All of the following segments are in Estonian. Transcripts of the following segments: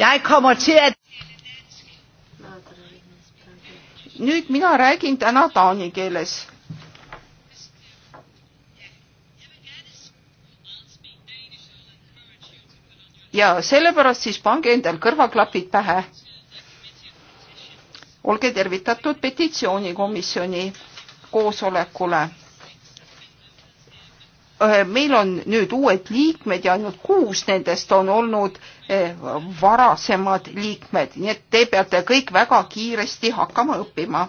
Jeg kommer til at... Nüüd mina räägin täna taani keeles. ja sellepärast siis pange endal kõrvaklapid pähe. olge tervitatud petitsioonikomisjoni koosolekule Äh, meil on nüüd uued liikmed ja ainult kuus nendest on olnud äh, varasemad liikmed, nii et te peate kõik väga kiiresti hakkama õppima.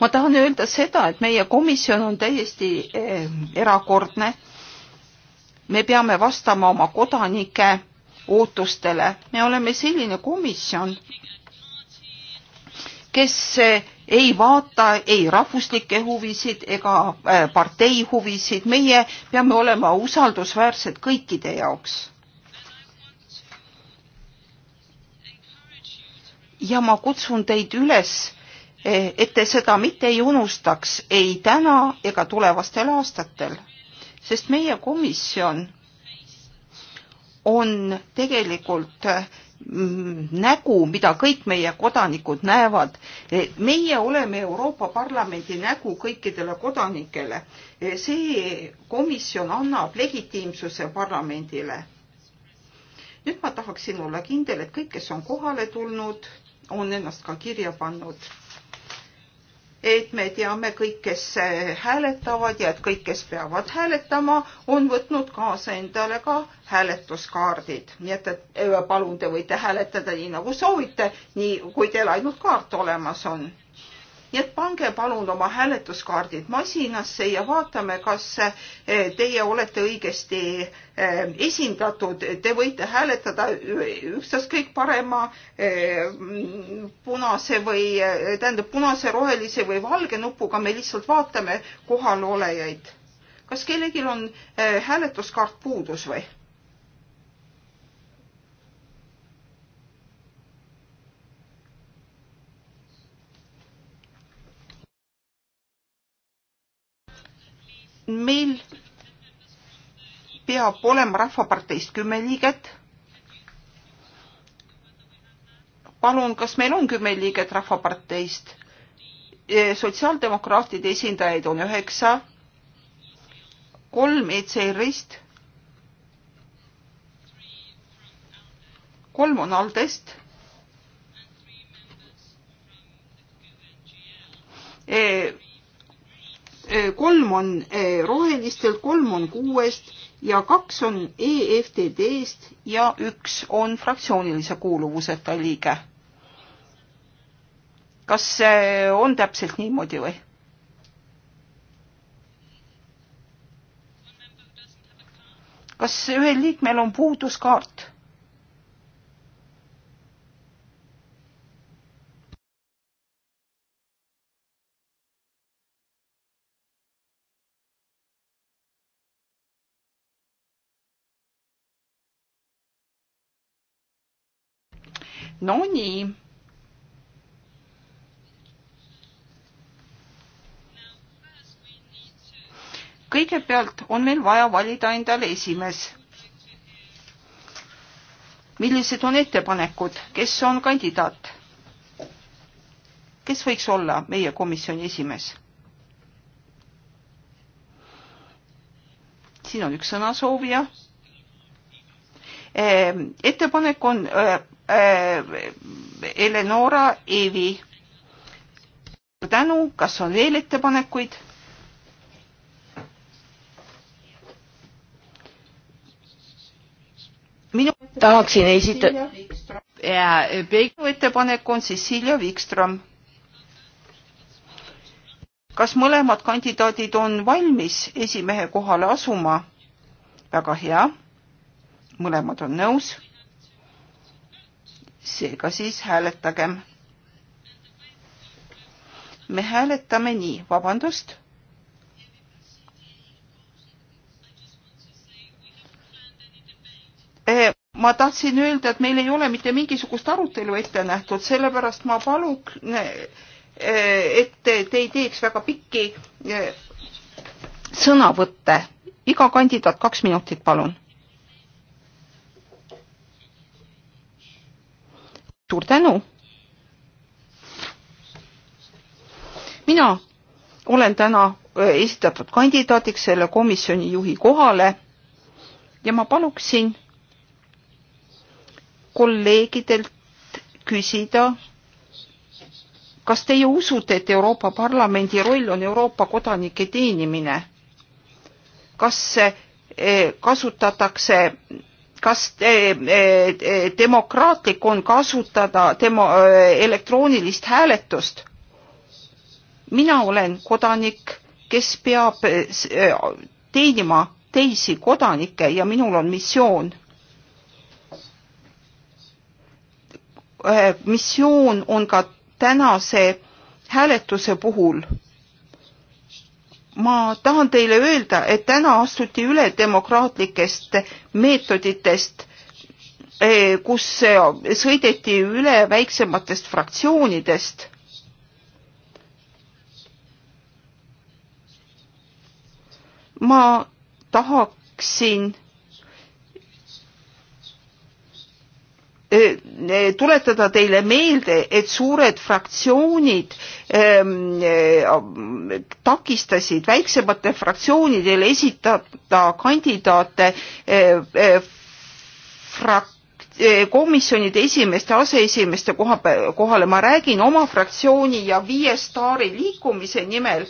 ma tahan öelda seda, et meie komisjon on täiesti äh, erakordne. me peame vastama oma kodanike ootustele, me oleme selline komisjon, kes eh, ei vaata ei rahvuslikke huvisid ega eh, partei huvisid. meie peame olema usaldusväärsed kõikide jaoks. ja ma kutsun teid üles, eh, et te seda mitte ei unustaks ei täna ega tulevastel aastatel, sest meie komisjon on tegelikult äh, Mm, nägu, mida kõik meie kodanikud näevad. E, meie oleme Euroopa Parlamendi nägu kõikidele kodanikele. E, see komisjon annab legitiimsuse parlamendile. nüüd ma tahaksin olla kindel, et kõik, kes on kohale tulnud, on ennast ka kirja pannud et me teame kõik, kes eh, hääletavad ja et kõik, kes peavad hääletama, on võtnud kaasa endale ka hääletuskaardid. nii et, et eh, palun, te võite hääletada nii nagu soovite, nii kui teil ainult kaart olemas on nii et pange palun oma hääletuskaardid masinasse ja vaatame, kas eh, teie olete õigesti eh, esindatud. Te võite hääletada ükstaskõik parema eh, punase või tähendab punase, rohelise või valge nupuga, me lihtsalt vaatame kohalolejaid. kas kellelgi on hääletuskaart puudus või? meil peab olema Rahvaparteist kümme liiget. palun, kas meil on kümme liiget Rahvaparteist? E, sotsiaaldemokraatide esindajaid on üheksa, kolm ECR-ist, kolm on Aldest, e, Äh, kolm on äh, rohelistelt, kolm on kuuest ja kaks on EFTD-st ja üks on fraktsioonilise kuuluvuseta liige. kas see äh, on täpselt niimoodi või? kas ühel liikmel on puuduskaart? Nonii. kõigepealt on meil vaja valida endale esimees. millised on ettepanekud, kes on kandidaat? kes võiks olla meie komisjoni esimees? siin on üks sõnasoovija Eh, ettepanek on eh, eh, Eleonora Eevi. tänu, kas on veel ettepanekuid? minu tahaksin esitada ja Peidu ettepanek on Cecilia Wikström. kas mõlemad kandidaadid on valmis esimehe kohale asuma? väga hea mõlemad on nõus. seega siis hääletagem. me hääletame nii, vabandust. Äh, ma tahtsin öelda, et meil ei ole mitte mingisugust arutelu ette nähtud, sellepärast ma palun, äh, et te ei teeks väga pikki äh, sõnavõtte. iga kandidaat kaks minutit, palun suur tänu. mina olen täna äh, esitatud kandidaadiks selle komisjoni juhi kohale ja ma paluksin kolleegidelt küsida, kas teie usute, et Euroopa Parlamendi roll on Euroopa kodanike teenimine? kas äh, kasutatakse kas eh, eh, eh, demokraatlik on kasutada demo, elektroonilist hääletust? mina olen kodanik, kes peab teenima teisi kodanikke ja minul on missioon. missioon on ka tänase hääletuse puhul ma tahan teile öelda, et täna astuti üle demokraatlikest meetoditest, eh, kus eh, sõideti üle väiksematest fraktsioonidest. ma tahaksin tuletada teile meelde, et suured fraktsioonid ähm, äh, takistasid väiksematele fraktsioonidele esitada kandidaate äh, äh, frak-, äh, komisjonide esimeeste, aseesimeeste koha, kohale, ma räägin oma fraktsiooni ja Viie Staari liikumise nimel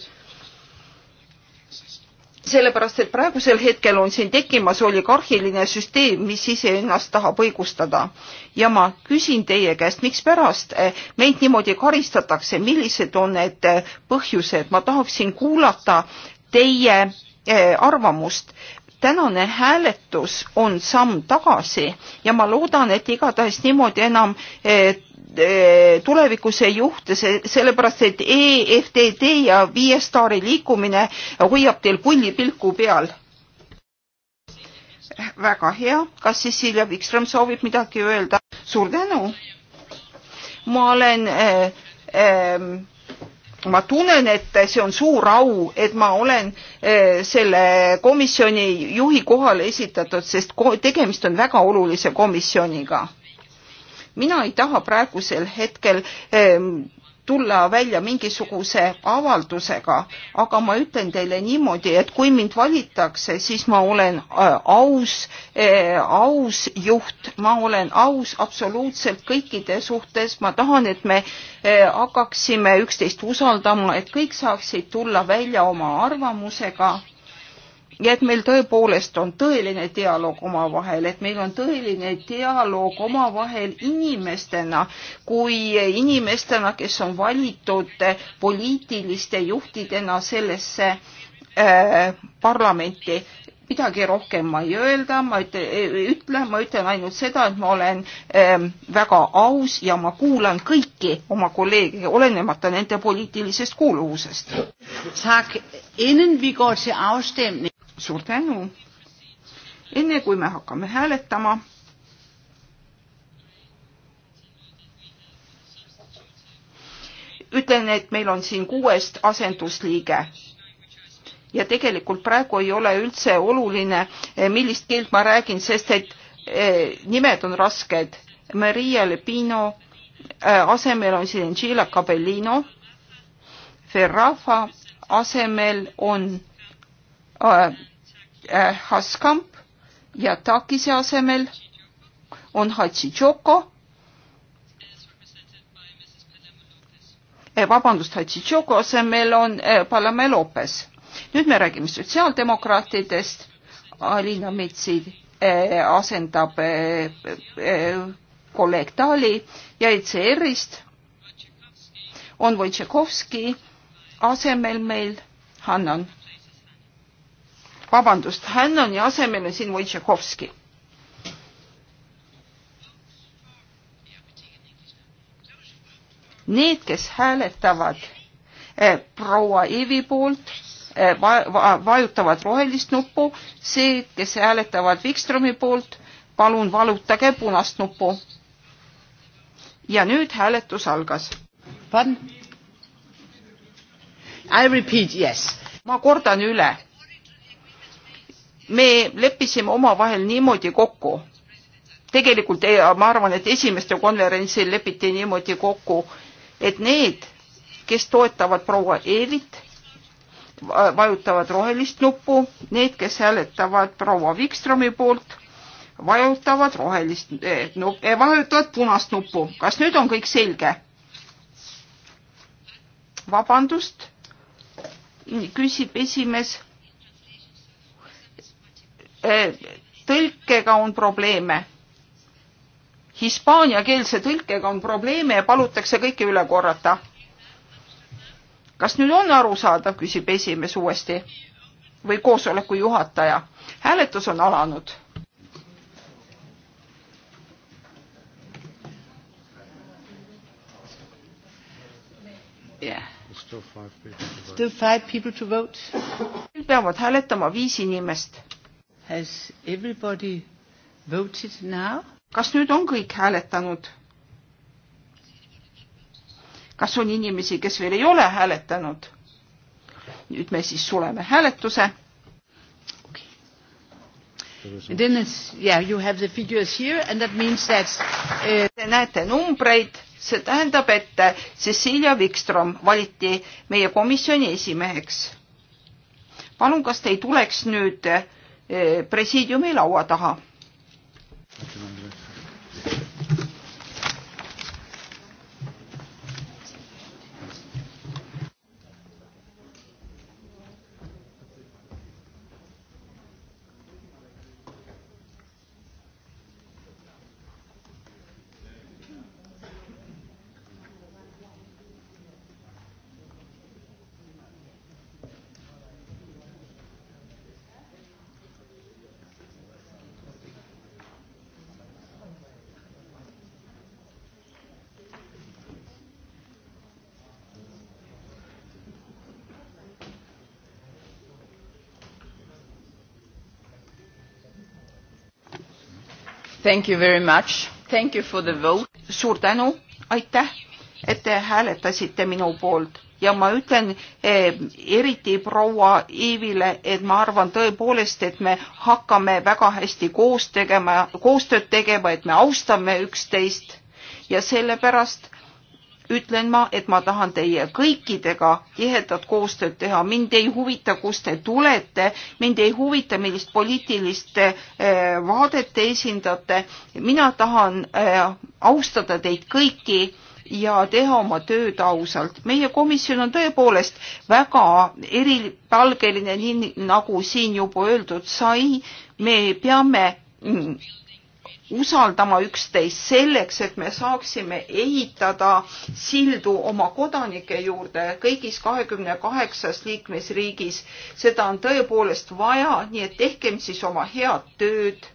sellepärast et praegusel hetkel on siin tekkimas oligarhiline süsteem, mis iseennast tahab õigustada. ja ma küsin teie käest, mikspärast eh, meid niimoodi karistatakse, millised on need eh, põhjused, ma tahaksin kuulata teie eh, arvamust. tänane hääletus on samm tagasi ja ma loodan, et igatahes niimoodi enam Eh, tulevikus ei juhtu, see sellepärast, et EFTD ja viie staari liikumine hoiab teil pulli pilku peal. väga hea, kas siis Silja Vikström soovib midagi öelda? suur tänu. ma olen äh,, äh, ma tunnen, et see on suur au, et ma olen äh, selle komisjoni juhi kohale esitatud, sest ko tegemist on väga olulise komisjoniga mina ei taha praegusel hetkel ehm, tulla välja mingisuguse avaldusega, aga ma ütlen teile niimoodi, et kui mind valitakse, siis ma olen äh, aus, äh, aus juht, ma olen aus absoluutselt kõikide suhtes, ma tahan, et me äh, hakkaksime üksteist usaldama, et kõik saaksid tulla välja oma arvamusega ja et meil tõepoolest on tõeline dialoog omavahel, et meil on tõeline dialoog omavahel inimestena, kui inimestena, kes on valitud poliitiliste juhtidena sellesse äh, parlamenti midagi rohkem ma ei öelda, ma ütle, ütlen, ma ütlen ainult seda, et ma olen ähm, väga aus ja ma kuulan kõiki oma kolleege, olenemata nende poliitilisest kuuluvusest suur tänu. enne kui me hakkame hääletama, ütlen, et meil on siin kuuest asendusliige ja tegelikult praegu ei ole üldse oluline, eh, millist keelt ma räägin, sest et eh, nimed on rasked. Maria Lepino eh, asemel on siin Angela Cabellino, Ferrafa asemel on Äh, äh, Haskamp ja Takise asemel on Hatsi Tšoko. Äh, vabandust, Hatsi Tšoko asemel on Palame Lopes. nüüd me räägime sotsiaaldemokraatidest. Alina Metsi asendab kolleeg Tali ja ECR-ist on Wojciechowski asemel meil Hannan vabandust, Hannoni asemel on siin Wojciechowski. Need, kes hääletavad eh, proua Eevi poolt eh,, va va vajutavad rohelist nuppu, see, kes hääletavad Wikstromi poolt, palun valutage punast nuppu. ja nüüd hääletus algas. I repeat yes. ma kordan üle me leppisime omavahel niimoodi kokku, tegelikult eh, ma arvan, et esimestel konverentsil lepiti niimoodi kokku, et need, kes toetavad proua Eelit, vajutavad rohelist nuppu, need, kes hääletavad proua Wikstromi poolt, vajutavad rohelist eh,, nup, eh, vajutavad punast nuppu. kas nüüd on kõik selge? vabandust, küsib esimees tõlkega on probleeme. Hispaaniakeelse tõlkega on probleeme ja palutakse kõike üle korrata. kas nüüd on arusaadav, küsib esimees uuesti või koosoleku juhataja. hääletus on alanud. Yeah. Still five people to vote. peavad hääletama viis inimest Has everybody voted now? kas nüüd on kõik hääletanud? kas on inimesi, kes veel ei ole hääletanud? nüüd me siis suleme hääletuse okay.. Yeah, uh, Te näete numbreid, see tähendab, et uh, Cecilia Wikström valiti meie komisjoni esimeheks. palun, kas te ei tuleks nüüd äh, Eh, presiidiumi laua taha. Thank you very much. Thank you for the vote. suur tänu, aitäh, et te hääletasite minu poolt ja ma ütlen eh, eriti proua Iivile, et ma arvan tõepoolest, et me hakkame väga hästi koos tegema, koostööd tegema, et me austame üksteist ja sellepärast ütlen ma, et ma tahan teie kõikidega tihedat koostööd teha. mind ei huvita, kust te tulete, mind ei huvita, millist poliitilist eh, vaadet te esindate. mina tahan eh, austada teid kõiki ja teha oma tööd ausalt. meie komisjon on tõepoolest väga eripalgeline, nii nagu siin juba öeldud sai. me peame mm, usaldama üksteist selleks, et me saaksime ehitada sildu oma kodanike juurde kõigis kahekümne kaheksas liikmesriigis. seda on tõepoolest vaja, nii et tehkem siis oma head tööd,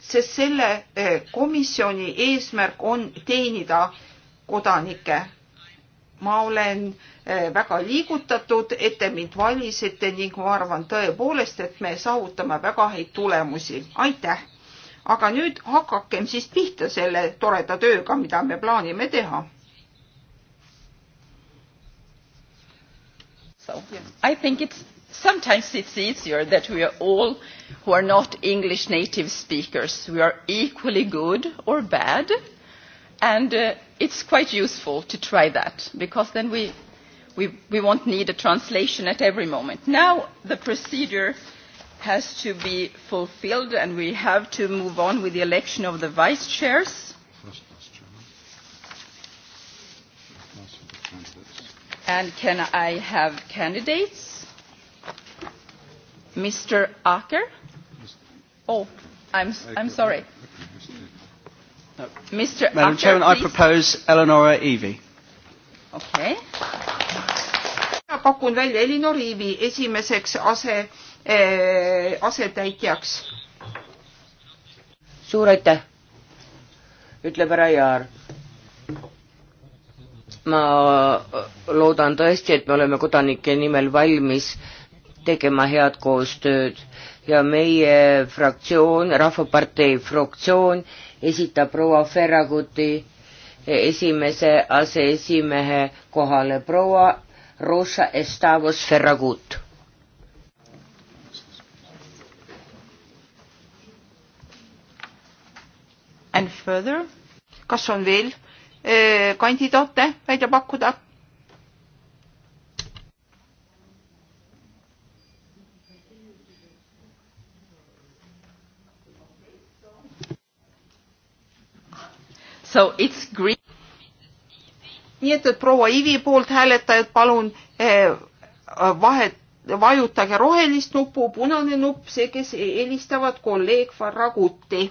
sest selle eh, komisjoni eesmärk on teenida kodanikke. ma olen eh, väga liigutatud, et te mind valisite ning ma arvan tõepoolest, et me saavutame väga häid tulemusi. aitäh! aga nüüd hakakem siis pihta selle toreda tööga, mida me plaanime teha. So yeah. I think it's sometimes it's easier that we are all who are not English native speakers, we are equally good or bad. And uh, it's quite useful to try that because then we, we, we won't need a translation at every moment. Now the procedure has to be fulfilled and we have to move on with the election of the vice chairs. And can I have candidates? Mr. Acker? Oh, I'm, I'm sorry. No. Mr. Madam Acker, Chairman, please. I propose Eleonora Evie. Okay. mina pakun välja Elinor Iivi esimeseks ase Eh, asetäitjaks. suur aitäh, ütleb härra Jaar. ma loodan tõesti, et me oleme kodanike nimel valmis tegema head koostööd ja meie fraktsioon, Rahvapartei fraktsioon esitab proua Ferraguti esimese aseesimehe kohale proua Rosa Estavos Ferragut further? kas on veel eh, kandidaate välja pakkuda? So it's green. nii et, et proua Ivi poolt hääletajad, palun eh, vahet, vajutage rohelist nuppu, punane nupp, see, kes eelistavad kolleeg Farragutti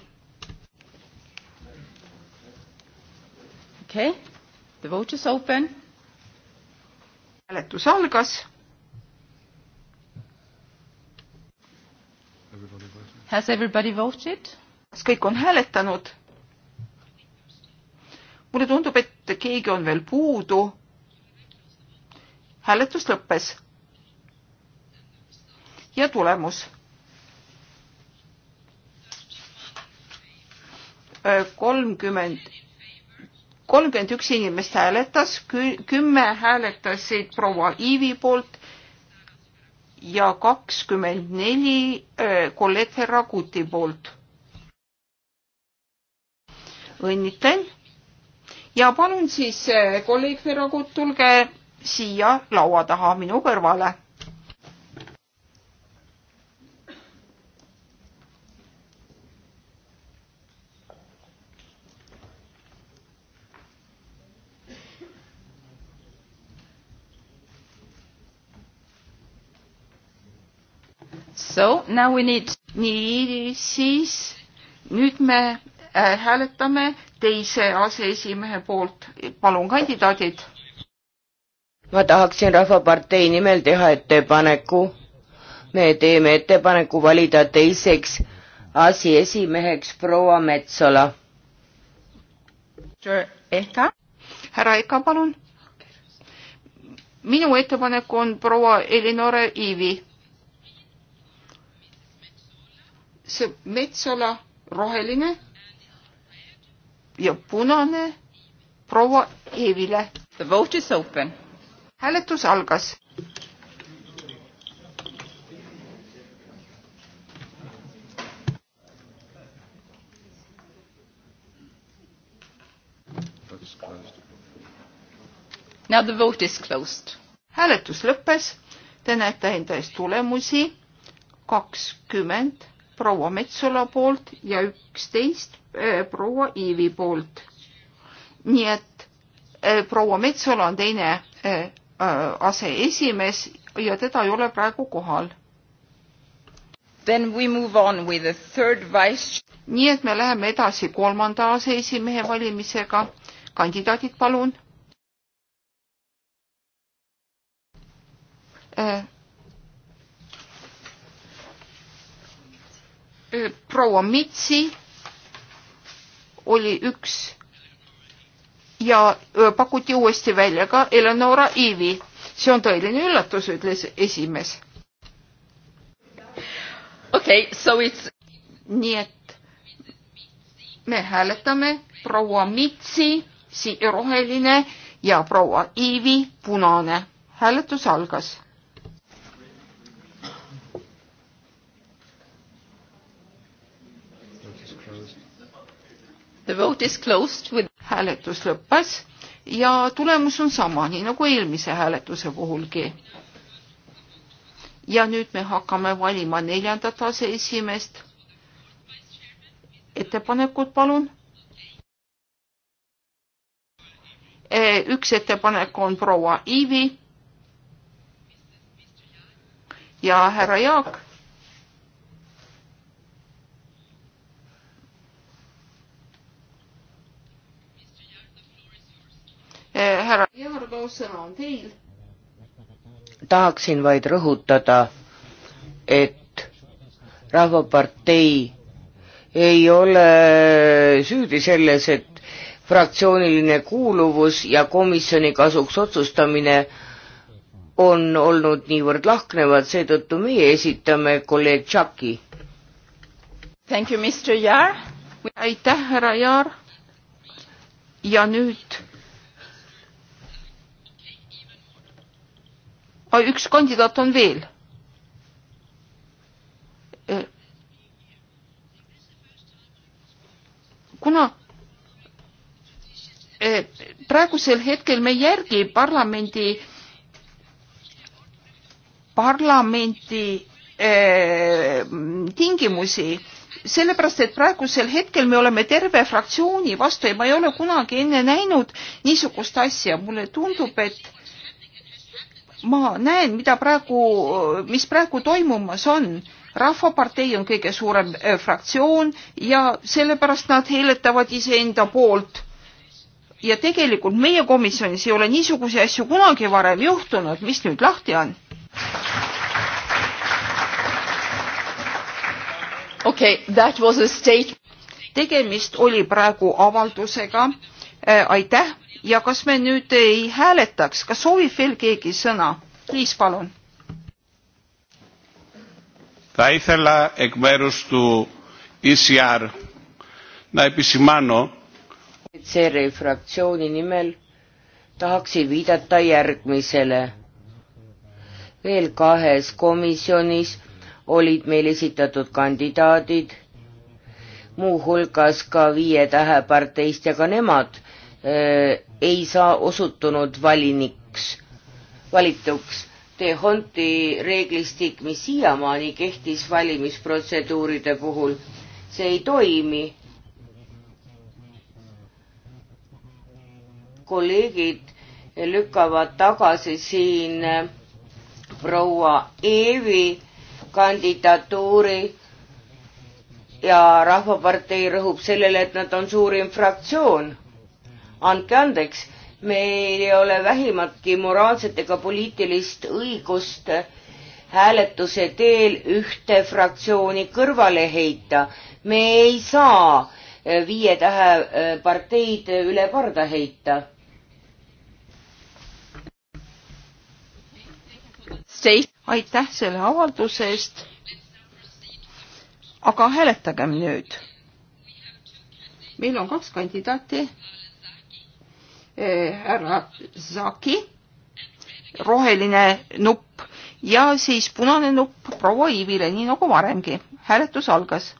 okei okay., the vote is open. hääletus algas. Has everybody voted? kas kõik on hääletanud? mulle tundub, et keegi on veel puudu. hääletus lõppes. ja tulemus. kolmkümmend kolmkümmend üks inimest hääletas, kümme hääletasid proua Iivi poolt ja kakskümmend neli äh, kolleeg Ferraguti poolt. õnnitlen ja palun siis äh, kolleeg Ferragut, tulge siia laua taha minu kõrvale So now we need. nii, siis nüüd me äh, hääletame teise aseesimehe poolt. palun, kandidaadid. ma tahaksin Rahvapartei nimel teha ettepaneku. me teeme ettepaneku valida teiseks aseesimeheks proua Metsola. Ehka. härra Eka, palun. minu ettepanek on proua Elinore Iivi see Metsala roheline ja punane proua Eevile. The vote is open. hääletus algas. Now the vote is closed. hääletus lõppes. Te näete enda ees tulemusi kakskümmend proua Metsula poolt ja üksteist eh, proua Iivi poolt. nii et eh, proua Metsula on teine eh, aseesimees ja teda ei ole praegu kohal. nii et me läheme edasi kolmanda aseesimehe valimisega. kandidaadid, palun äh,. proua Mitsi oli üks ja pakuti uuesti välja ka Eleonora Iivi. see on tõeline üllatus, ütles esimees. okei okay,, so it's. nii et me hääletame proua Mitsi, roheline ja proua Iivi, punane. hääletus algas The vote is closed with hääletus lõppes ja tulemus on sama, nii nagu eelmise hääletuse puhulgi. ja nüüd me hakkame valima neljandat aseesimeest. ettepanekud, palun. E, üks ettepanek on proua Iivi ja härra Jaak Bilbaos, sõna on teil. tahaksin vaid rõhutada, et Rahvapartei ei ole süüdi selles, et fraktsiooniline kuuluvus ja komisjoni kasuks otsustamine on olnud niivõrd lahknevad, seetõttu meie esitame kolleeg Tšaki. aitäh, härra Jaar. ja nüüd üks kandidaat on veel. Äh, kuna äh, praegusel hetkel me ei järgi parlamendi, parlamendi äh, tingimusi, sellepärast et praegusel hetkel me oleme terve fraktsiooni vastu ja ma ei ole kunagi enne näinud niisugust asja. mulle tundub, et ma näen, mida praegu, mis praegu toimumas on. rahvapartei on kõige suurem äh, fraktsioon ja sellepärast nad hääletavad iseenda poolt. ja tegelikult meie komisjonis ei ole niisuguseid asju kunagi varem juhtunud, mis nüüd lahti on? okei okay,, that was a state. tegemist oli praegu avaldusega Äh, aitäh ja kas me nüüd ei hääletaks, kas soovib veel keegi sõna? Liis, palun. Θα ήθελα εκ μέρους του ECR να επισημάνω ECR fraktsiooni nimel tahaksin viidata järgmisele. veel kahes komisjonis olid meil esitatud kandidaadid, muuhulgas ka Viie Tähe parteist ja ka nemad Äh, ei saa osutunud valiniks, valituks. De Honti reeglistik, mis siiamaani kehtis valimisprotseduuride puhul, see ei toimi kolleegid lükkavad tagasi siin äh, proua Eevi kandidatuuri ja Rahvapartei rõhub sellele, et nad on suurim fraktsioon andke andeks, meil ei ole vähimatki moraalset ega poliitilist õigust hääletuse teel ühte fraktsiooni kõrvale heita. me ei saa eh, viie tähe eh, parteid üle parda heita. aitäh selle avalduse eest. aga hääletagem nüüd. meil on kaks kandidaati Eh, härra Zaki, roheline nupp ja siis punane nupp proua Iivile, nii nagu varemgi. hääletus algas.